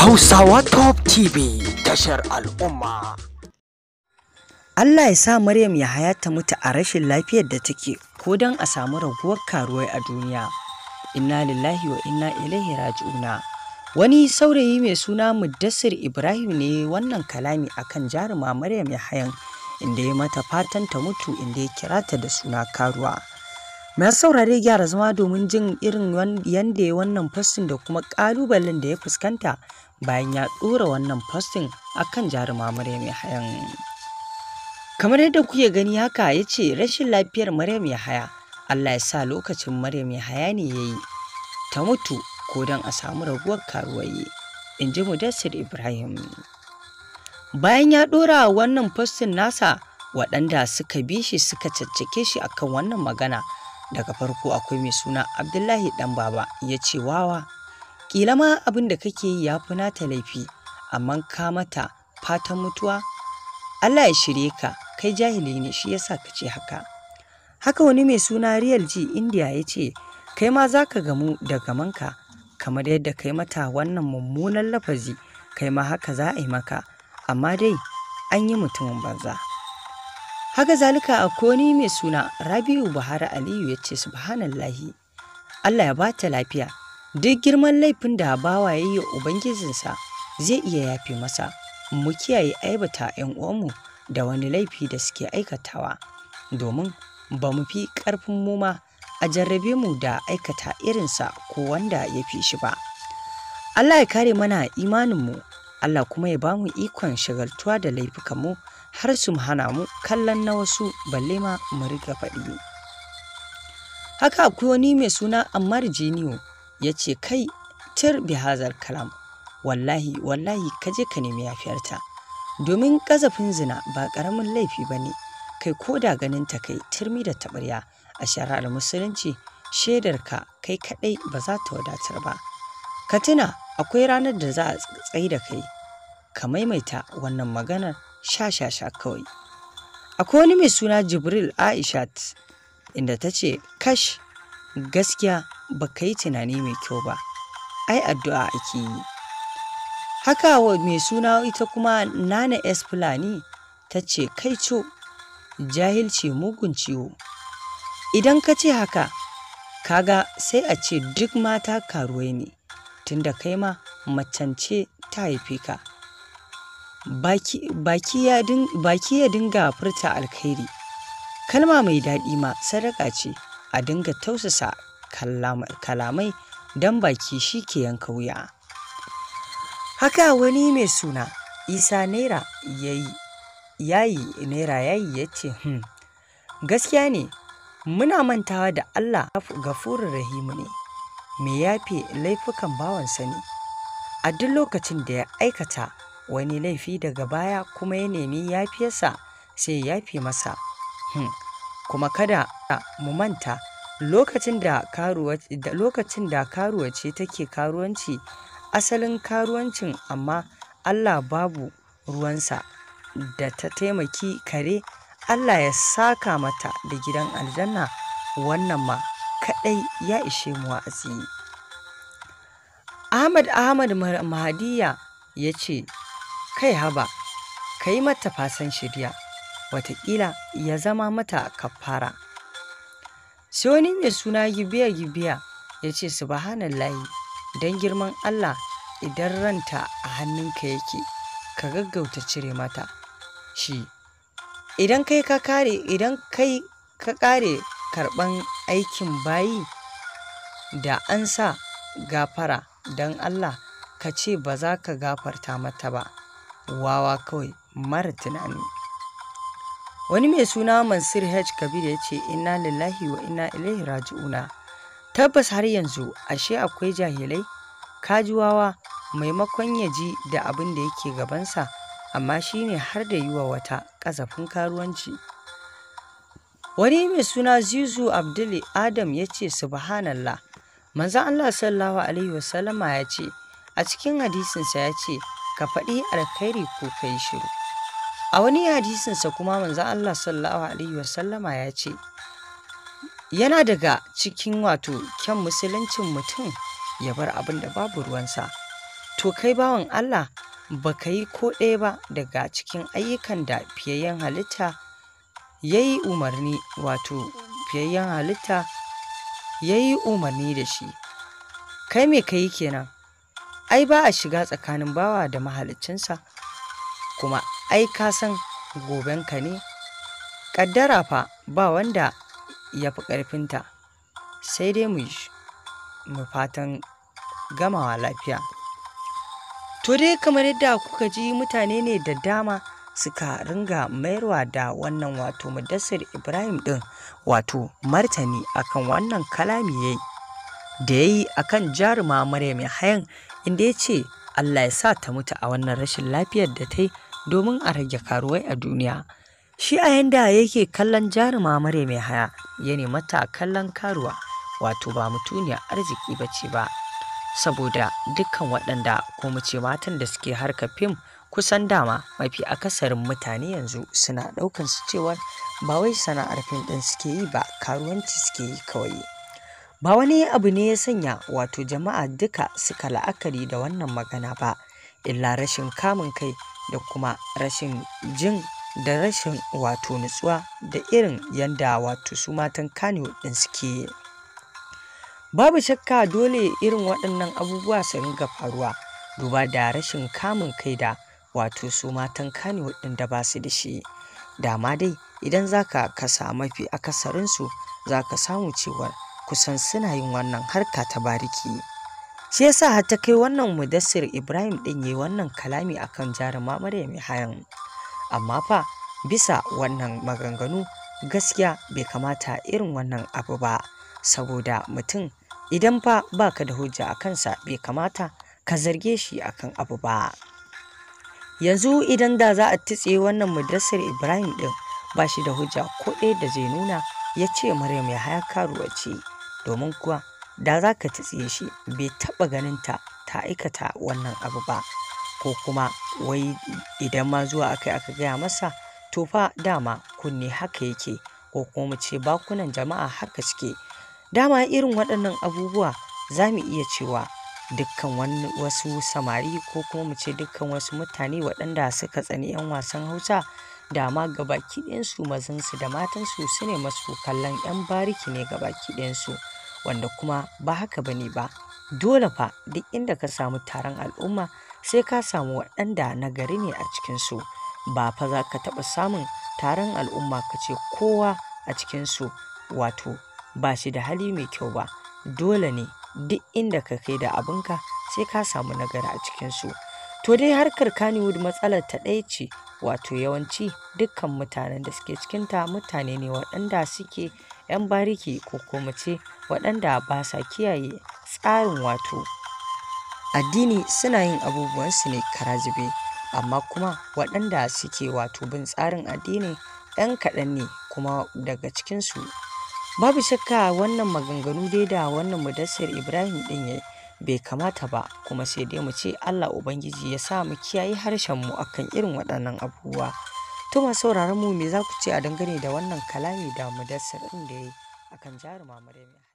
Hausawa Top TV tashar al'umma. Allah ya sa Maryam ya hayata mutu a rashin lafiyar da take ko don a samu raguwar karuwai a duniya. Inna lillahi wa inna ilaihi raji'una. Wani saurayi mai suna Muddassir Ibrahim ne wannan kalami akan jaruma Maryam ya hayan, inda ya mata fatan ta mutu inda ya kira ta da suna karuwa. Mai saurare gyara zama domin jin irin yadda wannan fassin da kuma ƙalubalen da ya fuskanta bayan ya ɗora wannan postin akan jaruma Maryam Yahayan. Kamar yadda kuke gani haka ya ce rashin lafiyar Maryam Yahaya Allah ya sa lokacin Maryam Yahaya ne ya yi ta mutu ko don a samu raguwar karuwaye in ji Mudassir Ibrahim. Bayan ya ɗora wannan postin nasa waɗanda suka bi shi suka caccake shi akan wannan magana daga farko akwai mai suna Abdullahi ɗan baba ya ce wawa. Ƙila ma abin da kake yi ya fi nata laifi, amma ka mata fatan mutuwa? Allah ya shirye ka, kai jahili ne shi yasa ka ce haka. Haka wani mai suna Real G India ya ce, kai ma za ka gamu da gamanka, kamar yadda kai mata wannan mummunan lafazi, kai ma haka za a yi maka, amma dai an yi mutumin banza. Haka zalika a koni mai suna Rabiu Buhari Aliyu ya ce subhanallahi, Allah ya bata lafiya, duk girman laifin da bawa ya yi ubangijinsa zai iya yafe masa mu kiyaye aibata 'yan uwanmu da wani laifi da suke aikatawa domin ba mu fi ƙarfin mu ma a jarrabe mu da aikata irinsa ko wanda ya fi shi ba Allah ya kare mana imaninmu Allah kuma ya ba mu ikon shagaltuwa da mu har su hana mu kallon na wasu balle ma mu riga faɗi haka akwai wani mai suna Ammar Jiniyo ya ce kai tir bihazar kalam wallahi wallahi ka je ka nemi yafiyarta domin ƙazafin zina ba ƙaramin laifi ba ne kai ko da ganin ta kai turmi da taɓarya a shari'ar musulunci shaidarka kai kaɗai ba za ta wadatar ba ka tuna akwai ranar da za a tsayi da kai ka maimaita wannan maganar sha-sha-sha kawai akwai wani mai suna jibril Aisha inda ta ce kash gaskiya ba ka yi tunani mai kyau ba ai addu'a ake yi haka wa mai suna ita kuma nana s fulani ta ce kai co jahilci mugun ciwo idan ka ce haka kaga sai a ce duk mata karuwai ne tunda kai ma macance ta haife ka baki, ya dinga furta alkhairi kalma mai daɗi ma sadaka ce a dinga tausasa kalamai don baki shi ke yanka wuya. Haka wani mai suna Isa Naira yayi Naira yayi ya ce, hmm, gaskiya ne muna mantawa da Allah gafurin rahimu ne, me yafe laifukan bawansa ne. A duk lokacin da ya aikata wani laifi daga baya kuma ya nemi yafiyarsa sai ya yafe masa. Hmm. Kuma kada mu manta lokacin da karuwa ce take karuwanci asalin karuwancin amma Allah babu ruwansa da ta taimaki kare Allah ya saka mata da gidan aljanna wannan ma kaɗai ya ishe mu wa'azi. Ahmad Ahmad Mahadiya ya ce, Kai haba, ka yi mata fasan shirya, watakila ya zama mata kafara. sai wani mai suna gibiya gibiya ya ce subhanallahi don girman allah idan ranta a hannunka yake ka gaggauta cire mata shi idan kai ka kare idan kai ka kare karban aikin bayi da an sa gafara don allah ka ce ba za ka gafarta mata ba wawa kawai mara tunani wani mai suna mansur h kabir ya ce inna lillahi wa inna ilaihi raji'una tabbas har yanzu ashe akwai jahilai kajuwawa maimakon ya ji da abin da yake gabansa amma shine har da yi wa wata kasafin karuwanci wani mai suna zizu abdul adam ya ce subhanallah manzan allah sallawa alaihi wasallama ya ce a cikin hadisinsa ya ce ka faɗi alkhairi ko ka yi shiru a wani hadisinsa kuma manzo Allah sallallahu alaihi wasallama ya ce yana daga cikin wato kyan musuluncin mutum ya bar abin da babu ruwansa to kai bawan Allah ba ka yi ko ɗaya ba daga cikin ayyukan da fiyayyen halitta ya yi umarni wato fiyayyen halitta ya yi umarni da shi kai me ka yi kenan ai ba a shiga tsakanin bawa da mahaliccinsa kuma ai ka san ka ne ƙaddara fa ba wanda ya fi ƙarfinta sai dai mu mu fatan gamawa lafiya to dai kamar yadda kuka ji mutane ne da dama suka ringa mayarwa da wannan wato mudassir ibrahim ɗin wato martani akan wannan kalami yayi da ya yi akan jaruma maryam hayan inda ya ce allah ya sa ta mutu a wannan rashin lafiyar da ta yi domin a rage karuwai a duniya shi a yanda yake kallon jaruma mare mai haya ya ne mata kallon karuwa wato ba mutuniya arziki ba ce ba saboda dukkan waɗanda ko mu ce matan da suke harka fim kusan dama mafi akasarin mutane yanzu suna ɗaukan su cewa ba wai sana'ar fim ɗin suke yi ba karuwanci suke yi kawai ba wani abu ne ya sanya wato jama'a duka suka la'akari da wannan magana ba illa rashin kamun kai da kuma rashin jin da rashin wato nutsuwa da irin yanda wato su matan Kano ɗin suke. Babu shakka dole irin waɗannan abubuwa su ringa faruwa duba da rashin kamun kai da wato su matan Kano ɗin da ba su da shi. Dama dai idan zaka ka kasa mafi akasarinsu za ka samu cewar kusan suna yin wannan harka ta bariki. shi yasa har ta kai wannan mudassir ibrahim din yayi wannan kalami akan jaruma maryam hayan amma fa bisa wannan maganganu gaskiya bai kamata irin wannan abu ba saboda mutum idan fa baka da hujja a kansa bai kamata ka zarge shi akan abu ba yanzu idan da za a titse wannan mudassir ibrahim din ba shi da hujja ko ɗaya da zai nuna ya ce maryam ya haya karuwa ce domin kuwa da za ka tsiye shi bai taɓa ganin ta ta aikata wannan abu ba ko kuma wai idan ma zuwa aka aka gaya masa to fa dama kunne haka yake ko kuma mu ce bakunan jama'a haka suke dama irin waɗannan abubuwa za mu iya cewa dukkan wasu samari ko kuma mu ce dukkan wasu mutane waɗanda suka tsani 'yan wasan hausa dama gabaki ɗinsu mazansu da matansu su ne masu kallon 'yan bariki ne gabaki ɗinsu wanda kuma ba haka bane ba dole fa duk inda ka samu taron al'umma sai ka samu waɗanda na gari ne a cikinsu ba fa za ka taɓa samun taron al'umma ka ce kowa a cikinsu wato ba shi da hali mai kyau ba dole ne duk inda ka kai da abinka sai ka samu nagari a cikinsu to dai harkar kannywood matsalar ta ɗaya ce wato yawanci dukkan mutanen da suke cikinta mutane ne waɗanda suke 'yan bariki ko kuma ce waɗanda ba sa kiyaye tsarin wato addini suna yin abubuwansu ne karazube, amma kuma waɗanda suke wato bin tsarin addini 'yan kaɗan ne kuma daga cikinsu babu shakka wannan maganganu dai da wannan mudassir ibrahim ɗin ya yi bai kamata ba kuma sai dai mu ce Allah Ubangiji ya sa mu kiyaye mu akan irin waɗannan abubuwa. ma sauraron mu me za ku ce a dangane da wannan kalami da mu ɗin da yayi akan jaruma Maryam.